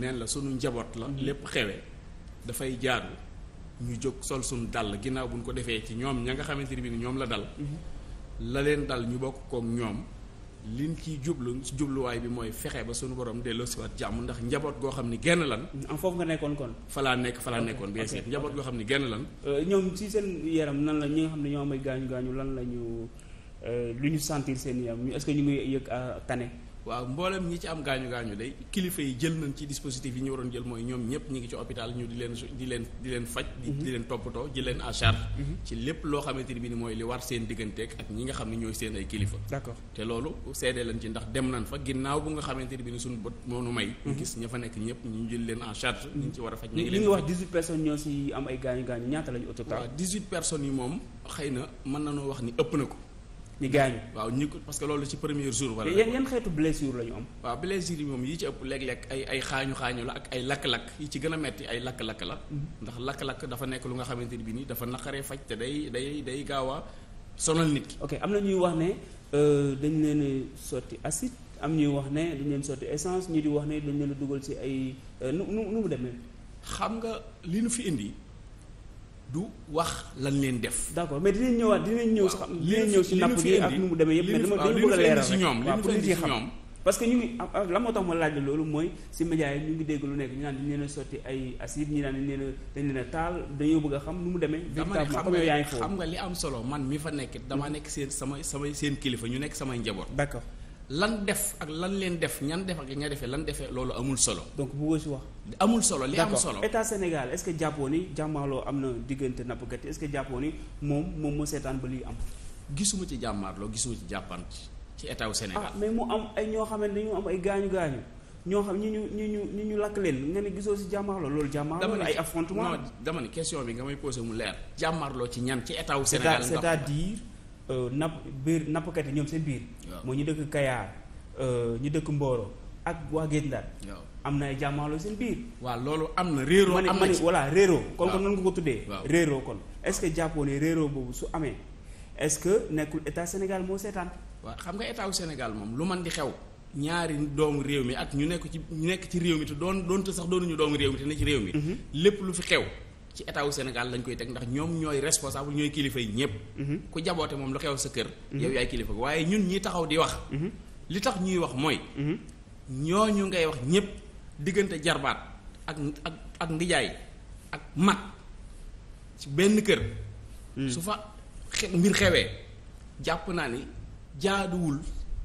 neen la sunu njaboot la mm-hmm. lépp xewe dafay jaar ñu jóg sol suñu dàll ginnaaw buñ ko defee ci ñoom ña nga xamante ni bi ñoom la dal mm-hmm. la leen dal ñu bokk kook ñoom liñ ciy jublu jubluwaay bi mooy fexe ba sunu borom delloosiwaat jàmm ndax njaboot goo xam ni genn lan. am nga nekkoon kon. falaa nekk falaa nekkoon bien sûr njaboot goo xam ni genn lan. Euh, ñoom ci seen yaram nan la ñi nga xam ne ñoo amay gaañu gaañu lan la ñu euh, lu ñu sentir seen yaram est-ce que ñu ngi yëg euh, tane. waaw mboolem ñi ci am gaañu gaañu day kilifa yi jël nañ ci dispositif yi ñu waroon jël mooy ñoom ñëpp ñu ngi ci hôpital ñu di leen di leen di leen faj. di mhm. leen toppatoo jël leen en charge. Mhm. lépp loo xamante ni bi mooy li seen digganteeg ak nga xam ne ñooy seen ay kilifa. d'accord te loolu seede lañ ci ndax dem nañ fa ginnaaw bu nga xamante ni bi ni suñu bët moo nu may. Mhm. gis ña fa nekk ñëpp ñu jël leen en charge. ñu ci a ngi leen li nga wax 18 personnes ñoo si am ay gaañu gaañu ñaata lañu au total. waaw 18 personnes yi moom xëy na mën nañoo wax ni ëpp na ko ñi gaañu. waaw ñi ko parce que loolu ci premier jour. wala yan yan xeetu blessure la ñu am. waaw blessure yi moom yi ci ëpp léeg-léeg ay xaañu xaañu la ak ay lakk-lakk yi ci gën a metti ay lakk-lakk la. Mhm. ndax lakk-lakk dafa nekk lu nga xamante ni bi nii dafa naqaree faj te day day day gaawa a sonal nit ki. ok am na ñuy wax ne euh, dañ leen sotti acide am ñuy wax ne dañ leen sotti essence ñi di wax ne dañ leen dugal ci ay euh, nu nu mu demee. xam nga li nu fi indi. du wax lan leen def. d'accord mais dinañ ñëwaat dinañ ñëw sax dinañ ñëw si napp gi ak nu mu demee yëpp mais dama dañu bëgg a parce que ñu ngi ah, ah, la moo ma laaj loolu mooy si média yi ngi dégg lu nekk ñu a sotti ay acide ñu naan dañu leen a dañu leen a taal dañoo bëgg xam nu mu demee véritablement comme yaa nga li am solo man mi fa nekk damaa nekk seen sama samay seen kilifa ñu nekk samay njaboot d'accord lan def ak lan leen def ñan def ak ña defee lan defee loolu amul solo. donc bu si wax. amul solo li am solo état Sénégal est-ce que jàppoo ni jàmmaarloo am na diggante nappkat yi est-ce que jàppoo ni moom moom moo seetaan ba liy am. gisuma ci jàmmaarloo gisuma ci jàppant ci état wu Sénégal. ah mais mu am ay ñoo xam ne dañu am ay gaañu gaañu ñoo xam ñu ñu ñu ñu ñu ñu lakk leen nga ne gisoo si jàmmaarloo loolu. jàmmaarloo ay affrontement dama ne question bi nga may posé mu leer. jàmmaarloo ci ñan ci état wu Sénégal. cest Euh, napp biir nappkat yi ñoom seen biir. moo ñu dëkk Kayaar euh, ñu dëkk Mboro ak waa Géej Ndar. am na ay jàmmaarloo seen biir. waaw loolu am na réeroo. am na ci voilà réeroo. kon kon nan nga ko tuddee. réeroo kon est-ce que jàppoo ne réeroo boobu su amee est-ce que nekkul état Sénégal moo seetaan. waaw xam nga état Sénégal moom lu man di xew. ñaari doomu réew mi ak ñu nekk ci ñu nekk ci réew mi te doon doonte sax doonuñu doomu réew mi te ne ci réew mi. Mhm. lépp lu fi xew. ci état wu Sénégal lañ koy teg ndax ñoom ñooy responsable ñooy kilifa yi ñëpp. Mhm. ku jaboote moom lu xew sa kër. Mhm. yow yaay kilifa waaye ñun ñi taxaw di wax. Mhm. li tax ñuy wax mooy. ñoo ñu ngay wax ñëpp diggante jarbaat ak ak ak ndijaay ak mag ci benn kër. su fa mbir xewee jàpp naa ni jaaduwul.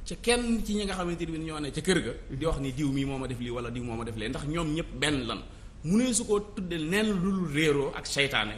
ca kenn ci ñi nga xamante ni ñoo ne ca kër ga. di wax ni diw mii moo ma def lii wala diw moo ma def lee ndax ñoom ñëpp benn lan. mu ne su ko tuddee neen lu dul réeroo ak seytaane